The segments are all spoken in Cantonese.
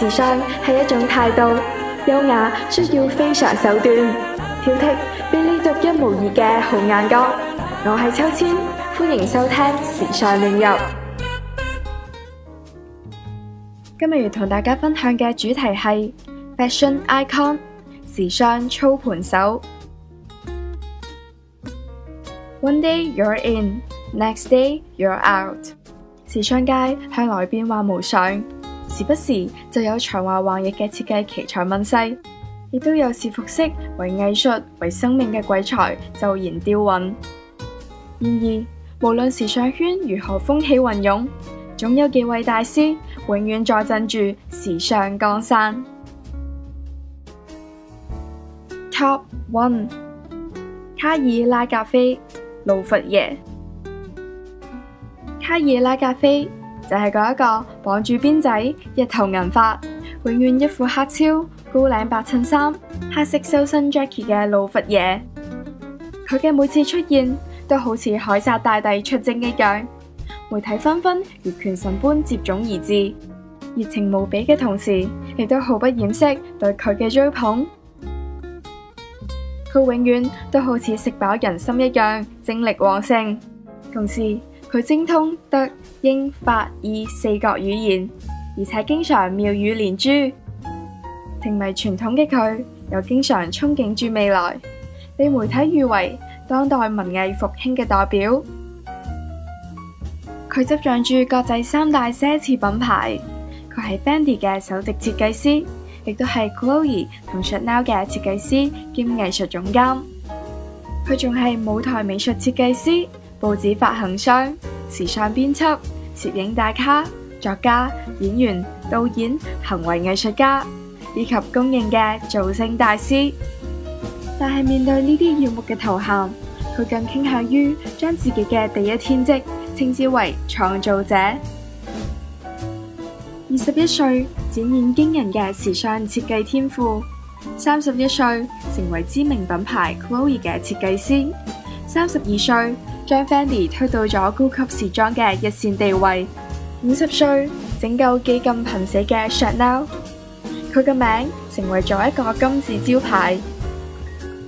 時尚係一種態度，優雅需要非常手段，挑剔俾你獨一無二嘅好眼光。我係秋千，歡迎收聽時尚亂入。今日同大家分享嘅主題係 fashion icon，時尚操盤手。One day you're in, next day you're out。時尚界向來變幻無常。時不時就有才華橫溢嘅設計奇才問世，亦都有視服飾為藝術、為生命嘅鬼才驟然凋殞。然而，無論時尚圈如何風起雲湧，總有幾位大師永遠在鎮住時尚江山。Top one，卡爾拉格斐，老佛爺，卡爾拉格斐。就係嗰一個綁住辮仔、一頭銀髮、永遠一副黑超、高領白襯衫、黑色修身 jacket 嘅老佛爺。佢嘅每次出現，都好似凱撒大帝出征一樣，媒體紛紛如拳神般接踵而至，熱情無比嘅同時，亦都毫不掩飾對佢嘅追捧。佢永遠都好似食飽人心一樣，精力旺盛，同時佢精通得。英法意四國語言，而且經常妙語連珠，情迷傳統的佢，又經常憧憬住未來，被媒體譽為當代文藝復興嘅代表。佢執掌住國際三大奢侈品牌，佢係 Fendi 嘅首席設計師，亦都係 Chloe 同 Chanel 嘅設計師兼藝術總監。佢仲係舞台美術設計師、報紙發行商。時尚編輯、攝影大咖、作家、演員、導演、行為藝術家以及公認嘅造星大師，但係面對呢啲耀目嘅頭銜，佢更傾向於將自己嘅第一天職稱之為創造者。二十一歲展現驚人嘅時尚設計天賦，三十一歲成為知名品牌 Chloe 嘅設計師。三十二歲將 Fendi 推到咗高級時裝嘅一線地位，五十歲拯救幾近瀕死嘅 Chanel，佢嘅名成為咗一個金字招牌。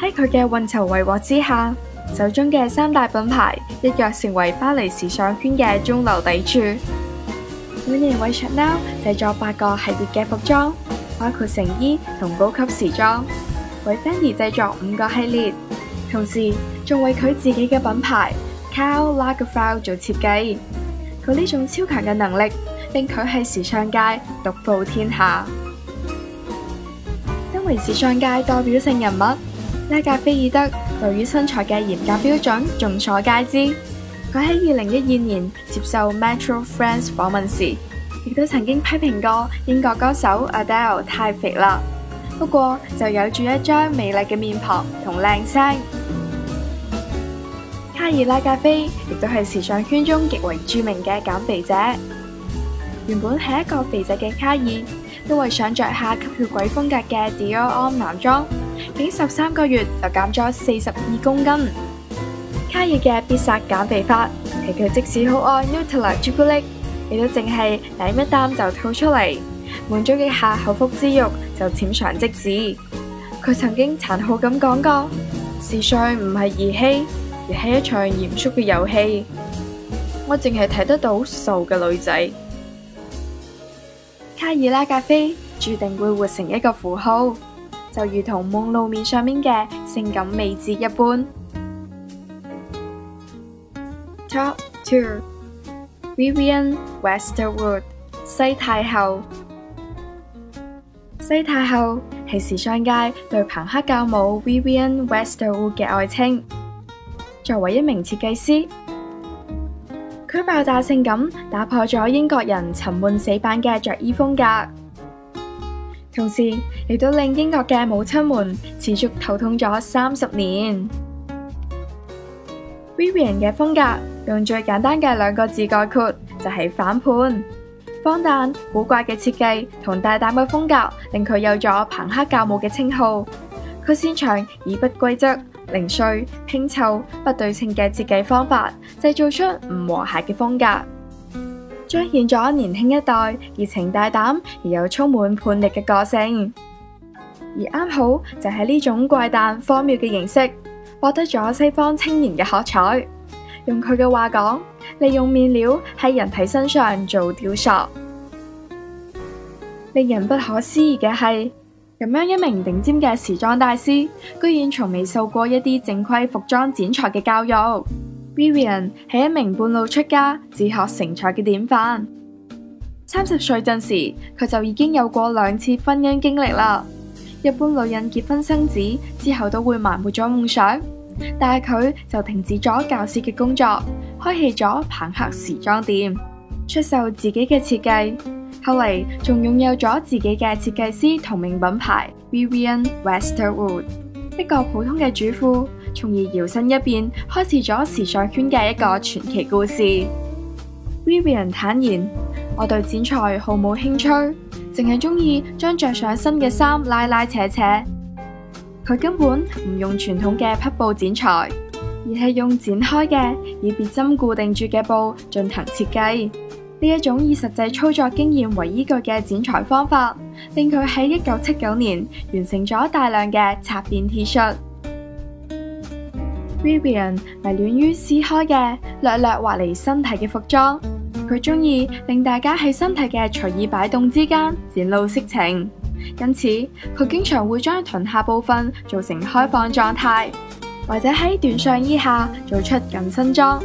喺佢嘅運籌帷幄之下，手中嘅三大品牌一躍成為巴黎時尚圈嘅中流砥柱。每年為 Chanel 製作八個系列嘅服裝，包括成衣同高級時裝；為 Fendi 製作五個系列，同時，仲為佢自己嘅品牌 Karl Lagerfeld 做設計，佢呢種超強嘅能力令佢喺時尚界獨步天下。身為時尚界代表性人物，拉格菲爾德對於身材嘅嚴格標準，眾所皆知。佢喺二零一二年接受 Metro France 訪問時，亦都曾經批評過英國歌手 Adele 太肥啦。不過就有住一張美麗嘅面龐同靚聲。卡爾拉格斐亦都係時尚圈中極為著名嘅減肥者。原本係一個肥仔嘅卡爾，因為想着下吸血鬼風格嘅 Dior Homme 男裝，僅十三個月就減咗四十二公斤。卡爾嘅必殺減肥法係佢即使好愛 Nutella 朱古力，亦都淨係舐一啖就吐出嚟，滿足幾下口腹之慾就淺嘗即止。佢曾經殘酷咁講過，時尚唔係兒戲。而係一場嚴肅嘅遊戲，我淨係睇得到熟嘅女仔。卡爾拉格斐註定會活成一個符號，就如同夢露面上面嘅性感未知一般。Top Two，Vivienne Westwood 西太后，西太后係時尚界對朋克教母 Vivienne Westwood 嘅愛稱。作為一名設計師，佢爆炸性咁打破咗英國人沉悶死板嘅着衣風格，同時亦都令英國嘅母親們持續頭痛咗三十年。Vivienne 嘅風格用最簡單嘅兩個字概括，就係反叛、荒誕、古怪嘅設計同大膽嘅風格，令佢有咗朋克教母嘅稱號。佢擅長以不規則。零碎、拼湊、不對稱嘅設計方法，製造出唔和諧嘅風格，彰顯咗年輕一代熱情大膽、大膽而又充滿叛逆嘅個性。而啱好就係呢種怪誕、荒謬嘅形式，獲得咗西方青年嘅喝彩。用佢嘅話講，利用面料喺人體身上做雕塑，令人不可思議嘅係。咁樣一名頂尖嘅時裝大師，居然從未受過一啲正規服裝剪裁嘅教育。Vivienne 係一名半路出家自學成才嘅典範。三十歲陣時，佢就已經有過兩次婚姻經歷啦。一般女人結婚生子之後都會埋沒咗夢想，但係佢就停止咗教師嘅工作，開起咗朋克時裝店，出售自己嘅設計。後嚟仲擁有咗自己嘅設計師同名品牌 Vivienne Westwood，一個普通嘅主婦，從而搖身一變，開始咗時尚圈嘅一個傳奇故事。Vivienne 坦言，我對剪裁毫冇興趣，淨係中意將着上新嘅衫拉拉扯扯。佢根本唔用傳統嘅匹布剪裁，而係用剪開嘅以別針固定住嘅布進行設計。呢一種以實際操作經驗為依據嘅剪裁方法，令佢喺一九七九年完成咗大量嘅插變 T 恤。Vivienne 迷戀於撕開嘅略略滑離身體嘅服裝，佢中意令大家喺身體嘅隨意擺動之間展露色情，因此佢經常會將臀下部分做成開放狀態，或者喺短上衣下做出緊身裝。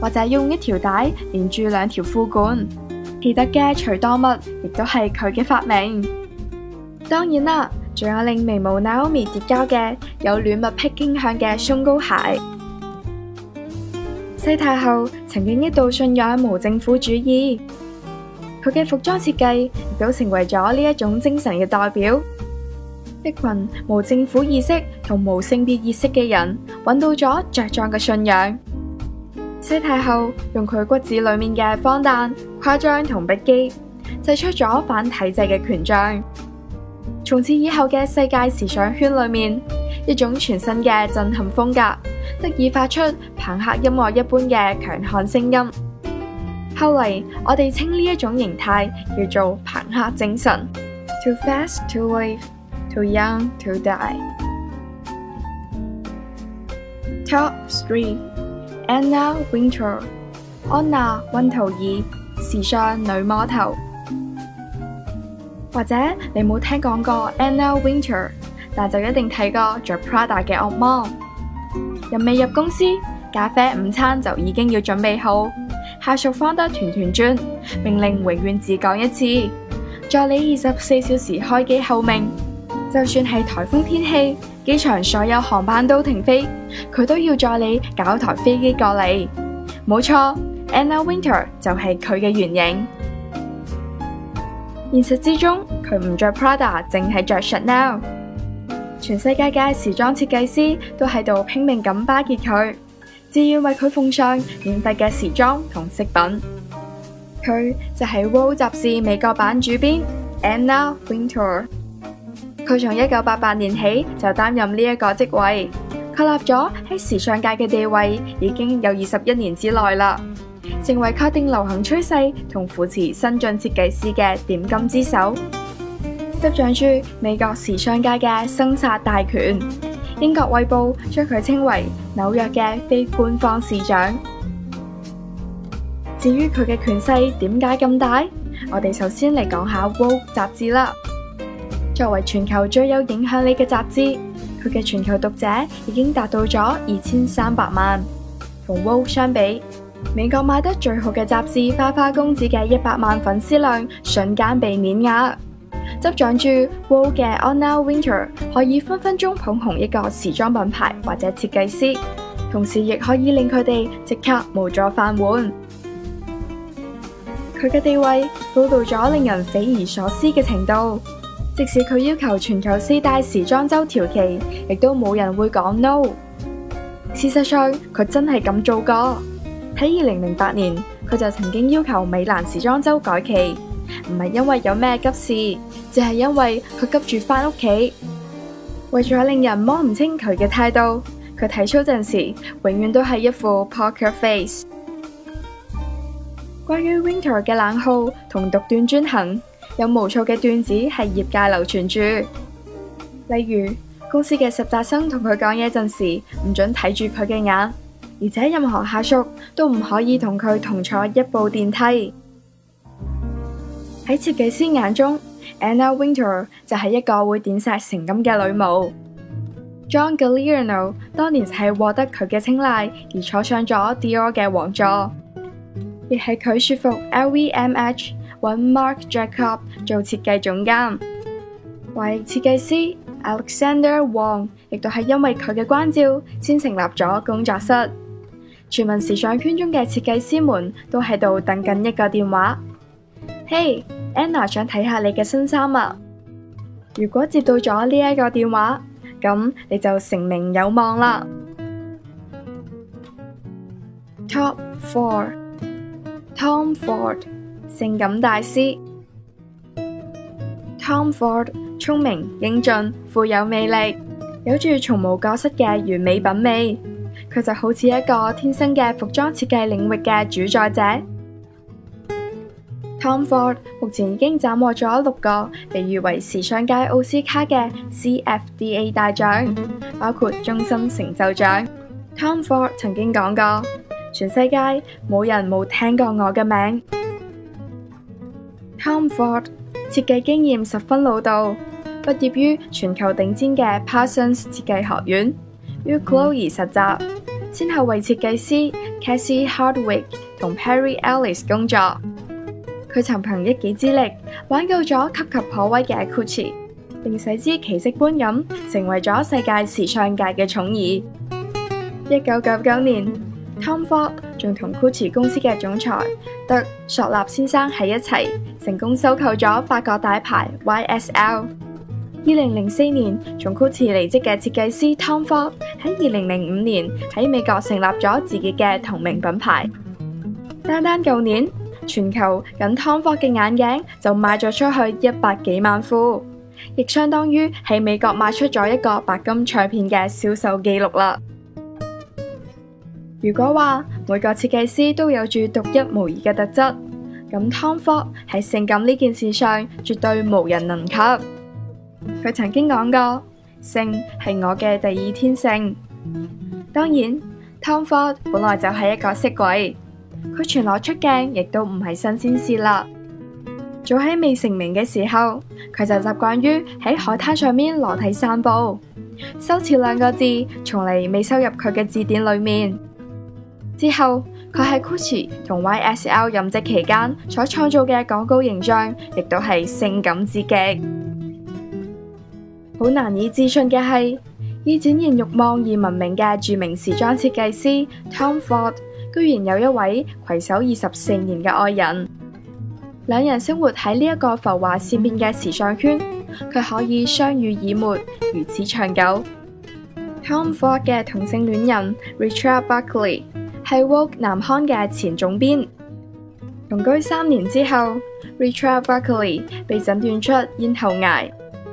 或者用一條帶連住兩條褲管，其得嘅除多乜亦都係佢嘅發明。當然啦，仲有令名模 Naomi 跌跤嘅有戀物癖傾向嘅鬆糕鞋。西太後曾經一度信仰無政府主義，佢嘅服裝設計亦都成為咗呢一種精神嘅代表。一群無政府意識同無性別意識嘅人，揾到咗着裝嘅信仰。西太后用佢骨子裏面嘅荒誕、誇張同不羈，製出咗反體制嘅權杖。從此以後嘅世界時尚圈裏面，一種全新嘅震撼風格，得以發出朋克音樂一般嘅強悍聲音。後嚟我哋稱呢一種形態叫做朋克精神。Too fast to live, too young to die. Top three. Anna Wintour，安娜溫圖爾，時尚女魔頭。或者你冇聽講過 Anna Wintour，但就一定睇過着 Prada 嘅惡魔。人未入公司，咖啡午餐就已經要準備好。下屬方得團團轉，命令永遠只講一次。助理二十四小時開機候命，就算係台風天氣機場所有航班都停飛，佢都要在你搞臺飛機過嚟。冇錯，Anna Wintour 就係佢嘅原型。現實之中，佢唔着 Prada，淨係着 Chanel。全世界嘅時裝設計師都喺度拼命咁巴結佢，自願為佢奉上免費嘅時裝同飾品。佢就係《Vogue》雜誌美國版主編 Anna Wintour。佢從一九八八年起就擔任呢一個職位，確立咗喺時尚界嘅地位已經有二十一年之耐啦，成為確定流行趨勢同扶持新晉設計師嘅點金之手，執掌住美國時尚界嘅生殺大權。英國衛報將佢稱為紐約嘅非官方市長。至於佢嘅權勢點解咁大？我哋首先嚟講下《Vogue》雜誌啦。作為全球最有影響力嘅雜誌，佢嘅全球讀者已經達到咗二千三百萬。同《Vogue》相比，美國賣得最好嘅雜誌《花花公子》嘅一百萬粉絲量瞬間被碾壓。執掌住《Vogue》嘅 Anna Wintour 可以分分鐘捧紅一個時裝品牌或者設計師，同時亦可以令佢哋即刻無咗飯碗。佢嘅地位高到咗令人匪夷所思嘅程度。即使佢要求全球四大時裝周調期，亦都冇人會講 no。事實上，佢真係咁做過。喺二零零八年，佢就曾經要求米蘭時裝周改期，唔係因為有咩急事，只係因為佢急住返屋企。為咗令人摸唔清佢嘅態度，佢睇操陣時永遠都係一副 poker face。關於 Wintour 嘅冷酷同獨斷專行。有無數嘅段子係業界流傳住，例如公司嘅實習生同佢講嘢陣時唔准睇住佢嘅眼，而且任何下屬都唔可以同佢同坐一部電梯。喺設計師眼中，Anna Wintour 就係一個會點石成金嘅女巫。John Galliano 當年係獲得佢嘅青睞而坐上咗 Dior 嘅王座，亦係佢說服 LVMH。搵 Marc Jacobs 做設計總監，華裔設計師 Alexander Wang 亦都係因為佢嘅關照先成立咗工作室。全民時尚圈中嘅設計師們都喺度等緊一個電話。嘿、hey, Anna，想睇下你嘅新衫啊！如果接到咗呢一個電話，咁你就成名有望啦。Top four，Tom Ford。性感大師 Tom Ford 聰明英俊，富有魅力，有住從無過失嘅完美品味。佢就好似一個天生嘅服裝設計領域嘅主宰者。Tom Ford 目前已經斬獲咗六個被譽為時尚界奧斯卡嘅 CFDA 大獎，包括終身成就獎。Tom Ford 曾經講過：全世界冇人冇聽過我嘅名。Tom Ford 設計經驗十分老道，畢業於全球頂尖嘅 Parsons 設計學院，於 Chloe 實習，先後為設計師 Cassie Hardwick 同 Perry Ellis 工作。佢曾憑一己之力挽救咗岌岌可危嘅 Gucci 並使之奇迹般咁，成為咗世界時尚界嘅寵兒。一九九九年，Tom Ford 仲同 Gucci 公司嘅總裁德索納先生喺一齊。成功收購咗法國大牌 YSL 2004。二零零四年從 Gucci 離職嘅設計師 Tom Ford 喺二零零五年喺美國成立咗自己嘅同名品牌。單單舊年，全球僅 Tom Ford 嘅眼鏡就賣咗出去一百幾萬副，亦相當於喺美國賣出咗一個白金唱片嘅銷售記錄啦。如果話每個設計師都有住獨一無二嘅特質，咁湯佛喺性感呢件事上絕對無人能及。佢曾經講過，性係我嘅第二天性。當然，湯佛本來就係一個色鬼，佢全裸出鏡亦都唔係新鮮事啦。早喺未成名嘅時候，佢就習慣於喺海灘上面裸體散步。羞恥兩個字，從嚟未收入佢嘅字典裏面。之後。佢喺 Gucci 同 YSL 任職期間所創造嘅廣告形象，亦都係性感至極。好難以置信嘅係，以展現欲望而聞名嘅著名時裝設計師 Tom Ford，居然有一位攜手二十四年嘅愛人。兩人生活喺呢一個浮華善變嘅時尚圈，佢可以相濡以沫如此長久。Tom Ford 嘅同性戀人 Richard Buckley。係《Vogue 男刊》嘅前總編，同居三年之後，Richard Buckley 被診斷出咽喉癌，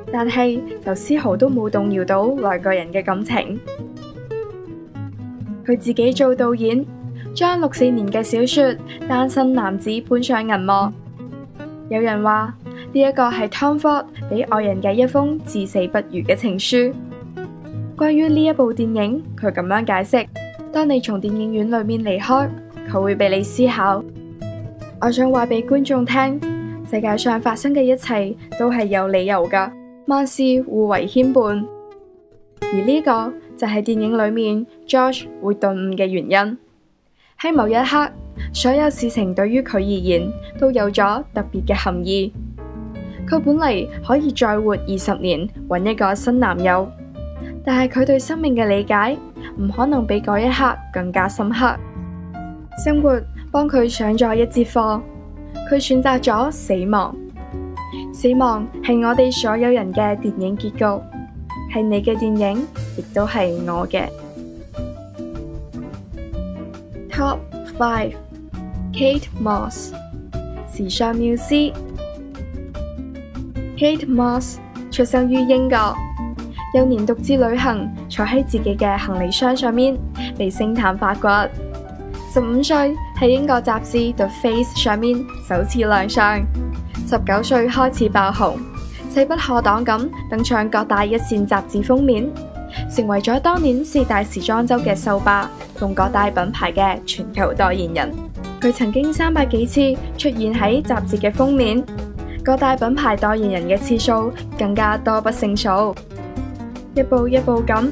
但係又絲毫都冇動搖到兩個人嘅感情。佢自己做導演，將六四年嘅小說《單身男子》搬上銀幕。有人話呢一個係 Tom Ford 俾愛人嘅一封至死不渝嘅情書。關於呢一部電影，佢咁樣解釋。當你從電影院裏面離開，佢會畀你思考。我想話俾觀眾聽，世界上發生嘅一切都係有理由噶，萬事互為牽絆。而呢個就係電影裏面 George 會頓悟嘅原因。喺某一刻，所有事情對於佢而言都有咗特別嘅含義。佢本嚟可以再活二十年，揾一個新男友。但係佢對生命嘅理解唔可能比嗰一刻更加深刻。生活幫佢上咗一節課，佢選擇咗死亡。死亡係我哋所有人嘅電影結局，係你嘅電影，亦都係我嘅。Top five，Kate Moss，時尚繆斯。Kate Moss 出生於英國。幼年獨自旅行，坐喺自己嘅行李箱上面，被星探發掘。十五歲喺英國雜誌《The Face》上面首次亮相，十九歲開始爆紅，勢不可擋咁登上各大一線雜誌封面，成為咗當年四大時裝周嘅秀霸，同各大品牌嘅全球代言人。佢曾經三百幾次出現喺雜誌嘅封面，各大品牌代言人嘅次數更加多不勝數。一步一步咁，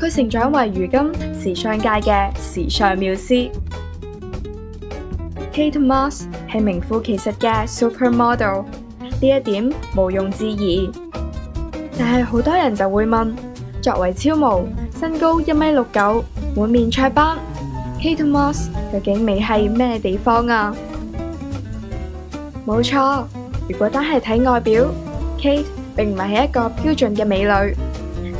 佢成長為如今時尚界嘅時尚繆斯。Kate Moss 係名副其實嘅 super model，呢一點毋庸置疑。但係好多人就會問：作為超模，身高一米六九，滿面雀斑，Kate Moss 究竟美喺咩地方啊？冇錯，如果單係睇外表，Kate 並唔係一個標準嘅美女。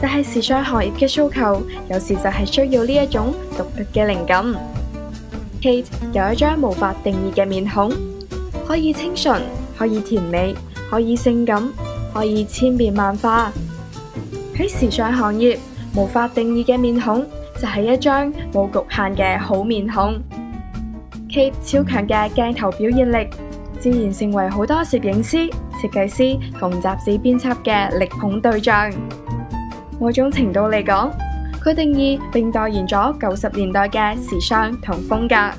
但係時尚行業嘅需求，有時就係需要呢一種獨特嘅靈感。Kate 有一張無法定義嘅面孔，可以清純，可以甜美，可以性感，可以千變萬化。喺時尚行業，無法定義嘅面孔就係一張冇局限嘅好面孔。Kate 超強嘅鏡頭表現力，自然成為好多攝影師、設計師同雜誌編輯嘅力捧對象。某種程度嚟講，佢定義並代言咗九十年代嘅時尚同風格。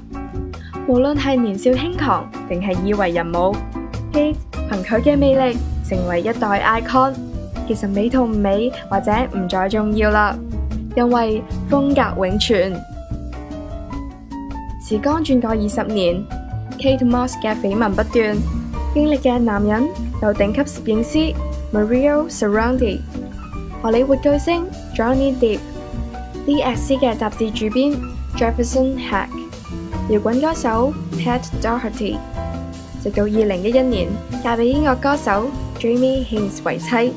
無論係年少輕狂，定係已為人母，Kate 憑佢嘅魅力成為一代 icon。其實美同唔美或者唔再重要啦，因為風格永存。時光轉過二十年，Kate Moss 嘅緋聞不斷，經歷嘅男人有頂級攝影師 Mario Sorrenti。荷里活巨星 Johnny Depp，《d s 嘅雜誌主編 Jefferson Hack，搖滾歌手 Pat Doherty，直到二零一一年嫁俾音樂歌手 Jamie Hince 為妻。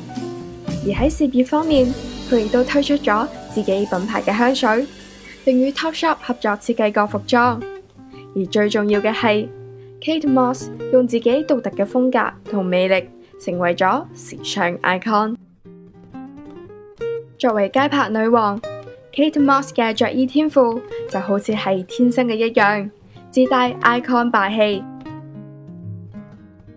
而喺事業方面，佢亦都推出咗自己品牌嘅香水，並與 Topshop 合作設計過服裝。而最重要嘅係，Kate Moss 用自己獨特嘅風格同魅力，成為咗時尚 icon。作為街拍女王 Kate Moss 嘅着衣天賦就好似係天生嘅一樣，自帶 icon 霸氣。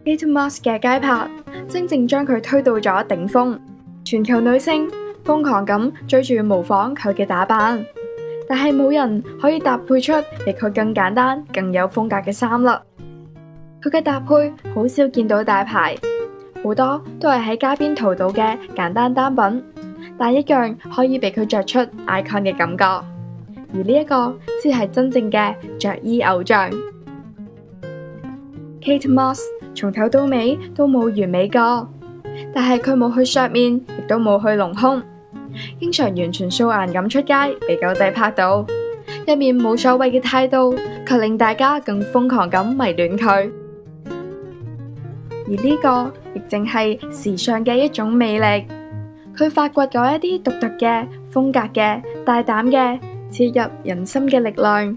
Kate Moss 嘅街拍正正將佢推到咗頂峰，全球女星瘋狂咁追住模仿佢嘅打扮，但係冇人可以搭配出比佢更簡單、更有風格嘅衫啦。佢嘅搭配好少見到大牌，好多都係喺街邊淘到嘅簡單單品。但一樣可以俾佢着出 icon 嘅感覺，而呢一個先係真正嘅着衣偶像。Kate Moss 從頭到尾都冇完美過，但係佢冇去削面，亦都冇去隆胸，經常完全素顏咁出街，被狗仔拍到一面冇所謂嘅態度，卻令大家更瘋狂咁迷戀佢。而呢個亦淨係時尚嘅一種魅力。佢發掘嗰一啲獨特的風格的大膽的切入人心的力量，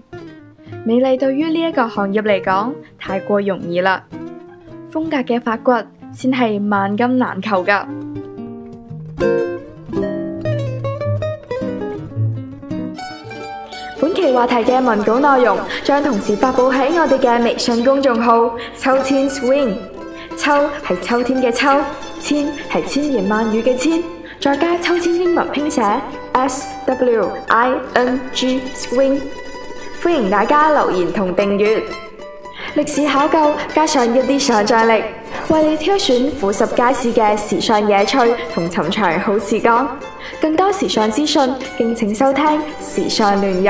美麗對於這個行業來講太過容易了。風格的發掘才是萬金難求的。本期話題的文稿內容將同時發佈在我們的微信公眾號“秋千 swing”，秋是秋天的秋，千是千言萬語的千。再加秋千英文拼寫，S W I N G swing，歡迎大家留言同訂閱。歷史考究加上一啲想像力，為你挑選富十街市嘅時尚野趣同尋常好時光。更多時尚資訊，敬請收聽《時尚亂入》。